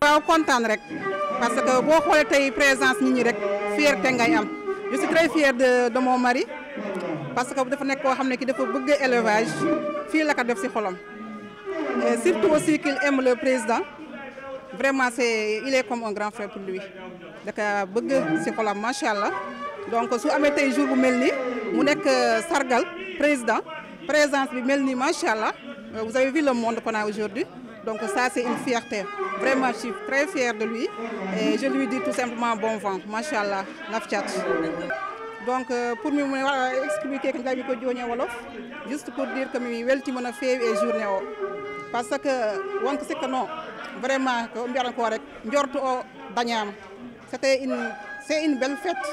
waaw kontaan rek parce que boo xoolee tey présence nit ñi rek fierté ngay am je très fière de de mon parce que dafa nekk koo xam ne ki dafa bëgg élevage fii la ko def si xolam surtout aussi qu'il aime le président vraiment c'est il est comme un grand frère pour lui daka bëgg si xolam macha allah donc su amee tey jour bu mel ni mu nekk euh, sargal. président présence bi mel nii macha allah euh, vous avez vu le monde qu'on a aujourd'hui donc ça c'est une fierté vraiment je suis très fière de lui et je lui dis tout simplement bon vent macha allah donc euh, pour mi mu wala expliquer kañ lañu ko jooñee wolof juste pour dire que mi weltima no feewi e journée o parce que wonko sikka no vraiment ko mbiyatan ko rek njorto o dañaama c'était une c'est une belle fête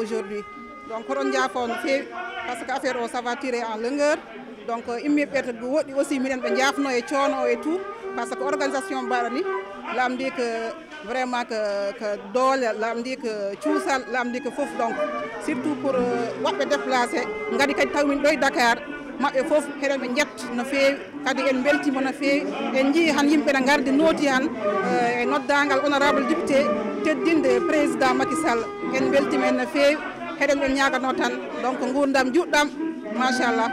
aujourd'hui donc hoɗon jaafo no feewi par que affaire o ça va tiré en longueur donc immiɓeɓe euh, to woɗɗi aussi minen ɓe jaafno e coono o e tout par que organisation mbaɗo ni lamdi ko vraiment ko ko doole lamdi ko cuusal lamdi ko fof donc surtout pour euh, waɓɓe déplacé gadi kadi taw min ɗo dakar maɓɓe fof heɗen ɓe jett no feewi kadi en beltima no feewi en jii han yimɓe ne gardi nooti han euh, e noddagal honorable député teddinde président makisall en beltima heɗen ɗon ñagano tan donc gurdam juɗɗam machallah